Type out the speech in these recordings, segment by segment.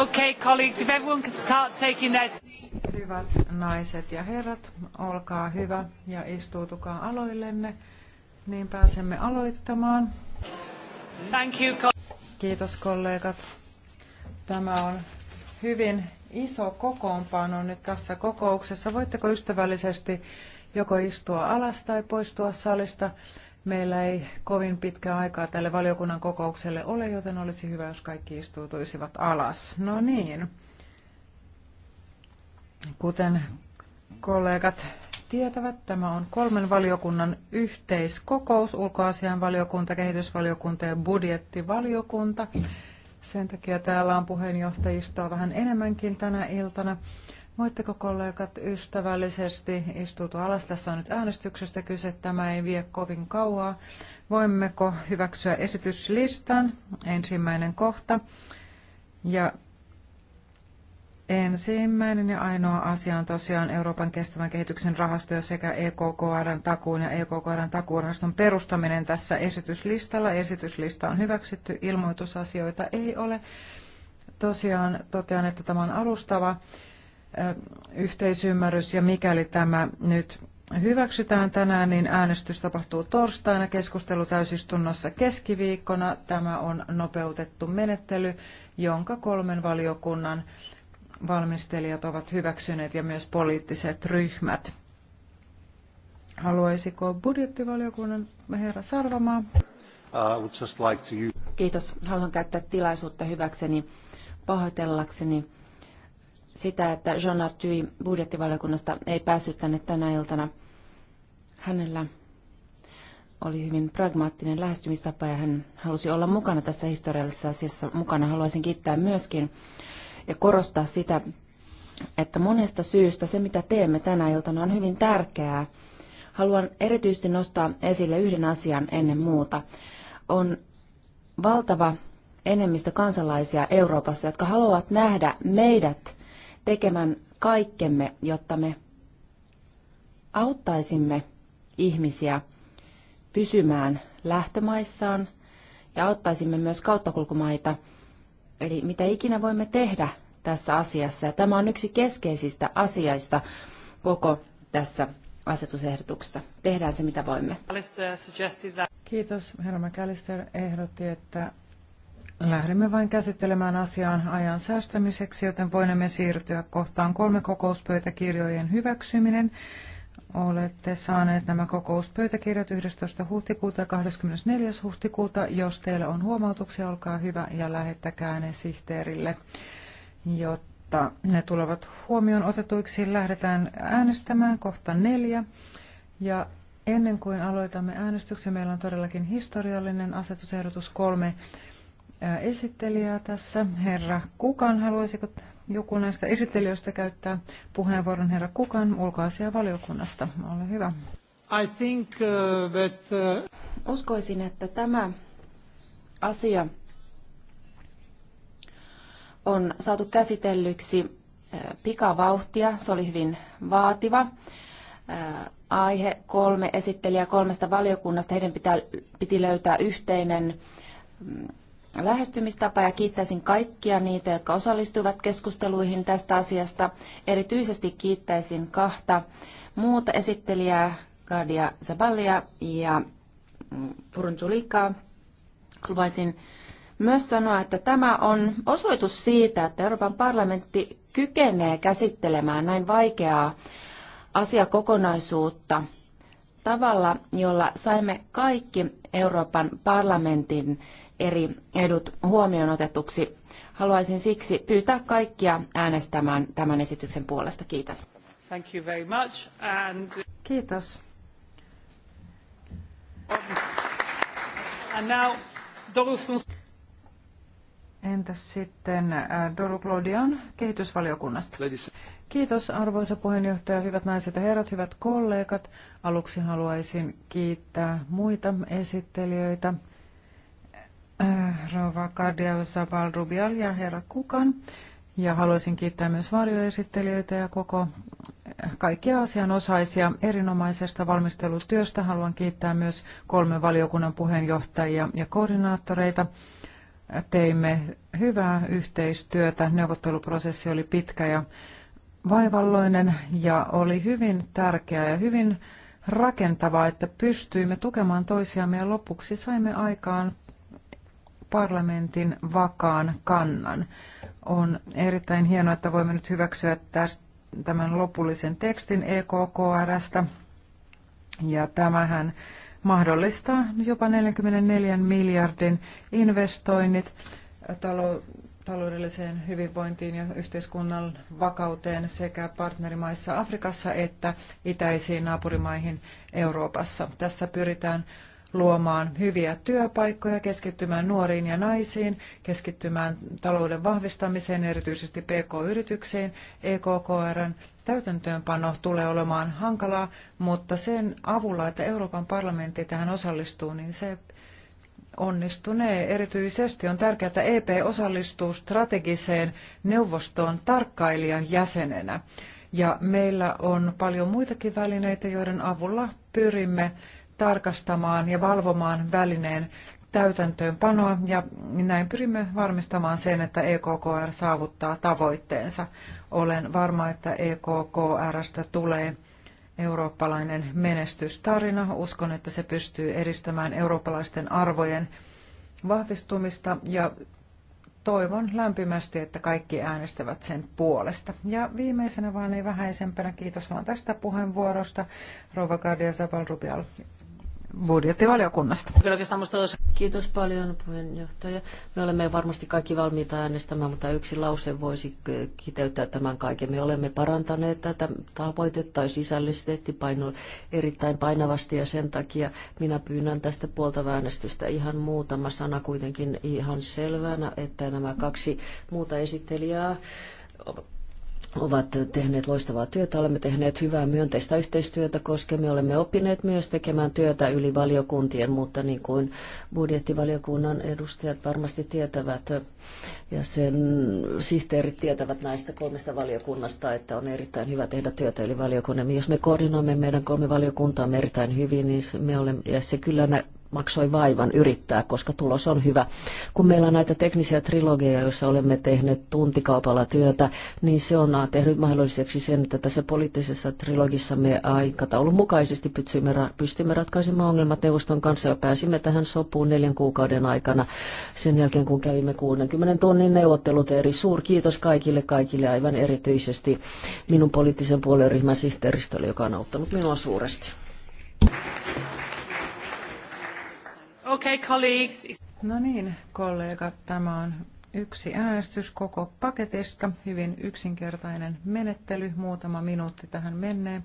Okay, colleagues, if everyone could start taking their... Hyvät naiset ja herrat, olkaa hyvä ja istuutukaa aloillenne, niin pääsemme aloittamaan. Thank you, Kiitos kollegat. Tämä on hyvin iso kokoonpano nyt tässä kokouksessa. Voitteko ystävällisesti joko istua alas tai poistua salista? Meillä ei kovin pitkä aikaa tälle valiokunnan kokoukselle ole, joten olisi hyvä, jos kaikki istuutuisivat alas. No niin. Kuten kollegat tietävät, tämä on kolmen valiokunnan yhteiskokous, ulkoasianvaliokunta, kehitysvaliokunta ja budjettivaliokunta. Sen takia täällä on puheenjohtajistoa vähän enemmänkin tänä iltana. Voitteko kollegat ystävällisesti istuutua alas? Tässä on nyt äänestyksestä kyse. Tämä ei vie kovin kauaa. Voimmeko hyväksyä esityslistan? Ensimmäinen kohta. Ja ensimmäinen ja ainoa asia on tosiaan Euroopan kestävän kehityksen rahasto ja sekä EKKRn takuun ja EKKRn takuurahaston perustaminen tässä esityslistalla. Esityslista on hyväksytty, ilmoitusasioita ei ole. Tosiaan totean, että tämä on alustava yhteisymmärrys ja mikäli tämä nyt hyväksytään tänään, niin äänestys tapahtuu torstaina keskustelu täysistunnossa keskiviikkona. Tämä on nopeutettu menettely, jonka kolmen valiokunnan valmistelijat ovat hyväksyneet ja myös poliittiset ryhmät. Haluaisiko budjettivaliokunnan herra Sarvamaa? Uh, Kiitos. Haluan käyttää tilaisuutta hyväkseni pahoitellakseni sitä, että Jean Arthuy budjettivaliokunnasta ei päässyt tänne tänä iltana. Hänellä oli hyvin pragmaattinen lähestymistapa ja hän halusi olla mukana tässä historiallisessa asiassa mukana. Haluaisin kiittää myöskin ja korostaa sitä, että monesta syystä se, mitä teemme tänä iltana, on hyvin tärkeää. Haluan erityisesti nostaa esille yhden asian ennen muuta. On valtava enemmistö kansalaisia Euroopassa, jotka haluavat nähdä meidät tekemään kaikkemme, jotta me auttaisimme ihmisiä pysymään lähtömaissaan ja auttaisimme myös kauttakulkumaita. Eli mitä ikinä voimme tehdä tässä asiassa. Ja tämä on yksi keskeisistä asiaista koko tässä asetusehdotuksessa. Tehdään se, mitä voimme. Kiitos. Herra McAllister ehdotti, että Lähdemme vain käsittelemään asiaan ajan säästämiseksi, joten voimme siirtyä kohtaan kolme kokouspöytäkirjojen hyväksyminen. Olette saaneet nämä kokouspöytäkirjat 11. huhtikuuta ja 24. huhtikuuta. Jos teillä on huomautuksia, olkaa hyvä ja lähettäkää ne sihteerille, jotta ne tulevat huomioon otetuiksi. Lähdetään äänestämään kohta neljä. Ja ennen kuin aloitamme äänestyksen, meillä on todellakin historiallinen asetusehdotus kolme esittelijää tässä. Herra Kukan, haluaisiko joku näistä esittelijöistä käyttää puheenvuoron? Herra Kukan ulkoasiavaliokunnasta, ole hyvä. I think, uh, that, uh... Uskoisin, että tämä asia on saatu käsitellyksi uh, pikavauhtia. Se oli hyvin vaativa uh, aihe. Kolme esittelijää kolmesta valiokunnasta, heidän pitää, piti löytää yhteinen mm, lähestymistapa ja kiittäisin kaikkia niitä, jotka osallistuivat keskusteluihin tästä asiasta. Erityisesti kiittäisin kahta muuta esittelijää, Kadia Zabalia ja Julikaa. Mm, Haluaisin myös sanoa, että tämä on osoitus siitä, että Euroopan parlamentti kykenee käsittelemään näin vaikeaa asiakokonaisuutta – tavalla, jolla saimme kaikki Euroopan parlamentin eri edut huomioon otetuksi. Haluaisin siksi pyytää kaikkia äänestämään tämän esityksen puolesta. Kiitän. Thank you very much and... Kiitos. And now, Entäs sitten äh, Doru Clodion kehitysvaliokunnasta? Kiitos arvoisa puheenjohtaja, hyvät naiset ja herrat, hyvät kollegat. Aluksi haluaisin kiittää muita esittelijöitä, äh, Rova Kardia Zabal Rubial ja herra Kukan. Ja haluaisin kiittää myös varjoesittelijöitä ja koko äh, kaikkia asianosaisia erinomaisesta valmistelutyöstä. Haluan kiittää myös kolme valiokunnan puheenjohtajia ja koordinaattoreita. Teimme hyvää yhteistyötä. Neuvotteluprosessi oli pitkä ja vaivalloinen ja oli hyvin tärkeä ja hyvin rakentavaa, että pystyimme tukemaan toisiamme ja lopuksi saimme aikaan parlamentin vakaan kannan. On erittäin hienoa, että voimme nyt hyväksyä tästä, tämän lopullisen tekstin EKKRstä. Ja tämähän mahdollistaa jopa 44 miljardin investoinnit taloudelliseen hyvinvointiin ja yhteiskunnan vakauteen sekä partnerimaissa Afrikassa että itäisiin naapurimaihin Euroopassa. Tässä pyritään luomaan hyviä työpaikkoja, keskittymään nuoriin ja naisiin, keskittymään talouden vahvistamiseen, erityisesti PK-yrityksiin. EKKRn täytäntöönpano tulee olemaan hankalaa, mutta sen avulla, että Euroopan parlamentti tähän osallistuu, niin se onnistunee. Erityisesti on tärkeää, että EP osallistuu strategiseen neuvostoon tarkkailijan jäsenenä. Ja meillä on paljon muitakin välineitä, joiden avulla pyrimme tarkastamaan ja valvomaan välineen täytäntöönpanoa ja näin pyrimme varmistamaan sen, että EKKR saavuttaa tavoitteensa. Olen varma, että EKKRstä tulee eurooppalainen menestystarina. Uskon, että se pystyy edistämään eurooppalaisten arvojen vahvistumista ja toivon lämpimästi, että kaikki äänestävät sen puolesta. Ja viimeisenä vaan ei vähäisempänä, kiitos vaan tästä puheenvuorosta, Rova Gardia zabal budjettivaliokunnasta. Kiitos paljon puheenjohtaja. Me olemme varmasti kaikki valmiita äänestämään, mutta yksi lause voisi kiteyttää tämän kaiken. Me olemme parantaneet tätä tavoitetta sisällisesti paino, erittäin painavasti ja sen takia minä pyynnän tästä puolta äänestystä ihan muutama sana kuitenkin ihan selvänä, että nämä kaksi muuta esittelijää ovat tehneet loistavaa työtä, olemme tehneet hyvää myönteistä yhteistyötä, koska me olemme oppineet myös tekemään työtä yli valiokuntien, mutta niin kuin budjettivaliokunnan edustajat varmasti tietävät ja sen sihteerit tietävät näistä kolmesta valiokunnasta, että on erittäin hyvä tehdä työtä yli valiokunnan. Jos me koordinoimme meidän kolme valiokuntaamme erittäin hyvin, niin me olemme, ja se kyllä nä, maksoi vaivan yrittää, koska tulos on hyvä. Kun meillä on näitä teknisiä trilogeja, joissa olemme tehneet tuntikaupalla työtä, niin se on tehnyt mahdolliseksi sen, että tässä poliittisessa trilogissa me aikataulun mukaisesti pystymme, pystymme ratkaisemaan ongelmat neuvoston kanssa ja pääsimme tähän sopuun neljän kuukauden aikana sen jälkeen, kun kävimme 60 tunnin neuvottelut. Eri suur kiitos kaikille, kaikille aivan erityisesti minun poliittisen ryhmän sihteeristölle, joka on auttanut minua suuresti. Okay, colleagues. No niin, kollegat, tämä on yksi äänestys koko paketista. Hyvin yksinkertainen menettely, muutama minuutti tähän menee,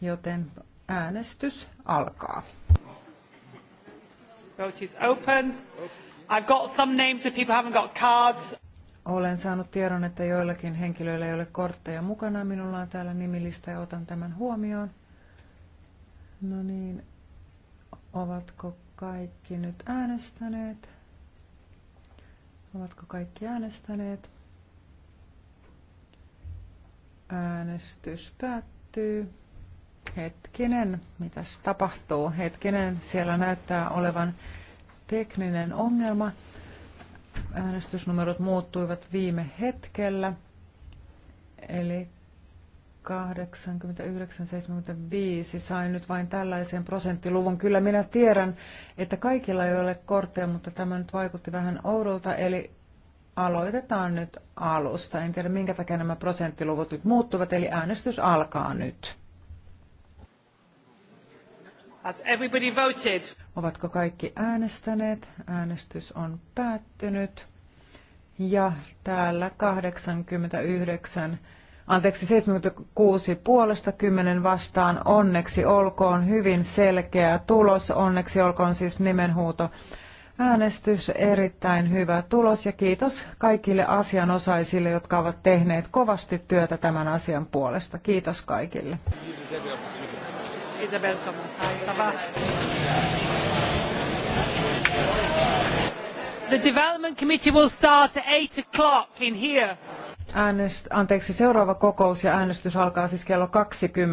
joten äänestys alkaa. Vote is open. I've got some names if people haven't got cards. Olen saanut tiedon, että joillakin henkilöillä ei ole kortteja mukana. Minulla on täällä nimilista ja otan tämän huomioon. No niin, ovatko kaikki nyt äänestäneet? Ovatko kaikki äänestäneet? Äänestys päättyy. Hetkinen, mitäs tapahtuu? Hetkinen, siellä näyttää olevan tekninen ongelma. Äänestysnumerot muuttuivat viime hetkellä. Eli 89-75 sain nyt vain tällaisen prosenttiluvun. Kyllä minä tiedän, että kaikilla ei ole kortteja, mutta tämä nyt vaikutti vähän oudolta, eli aloitetaan nyt alusta. En tiedä, minkä takia nämä prosenttiluvut nyt muuttuvat, eli äänestys alkaa nyt. Has everybody voted? Ovatko kaikki äänestäneet? Äänestys on päättynyt. Ja täällä 89 anteeksi, 76 puolesta 10 vastaan. Onneksi olkoon hyvin selkeä tulos. Onneksi olkoon siis nimenhuuto äänestys. Erittäin hyvä tulos ja kiitos kaikille asianosaisille, jotka ovat tehneet kovasti työtä tämän asian puolesta. Kiitos kaikille. The development committee will start at 8 o'clock in here. Äänest, anteeksi, seuraava kokous ja äänestys alkaa siis kello 20.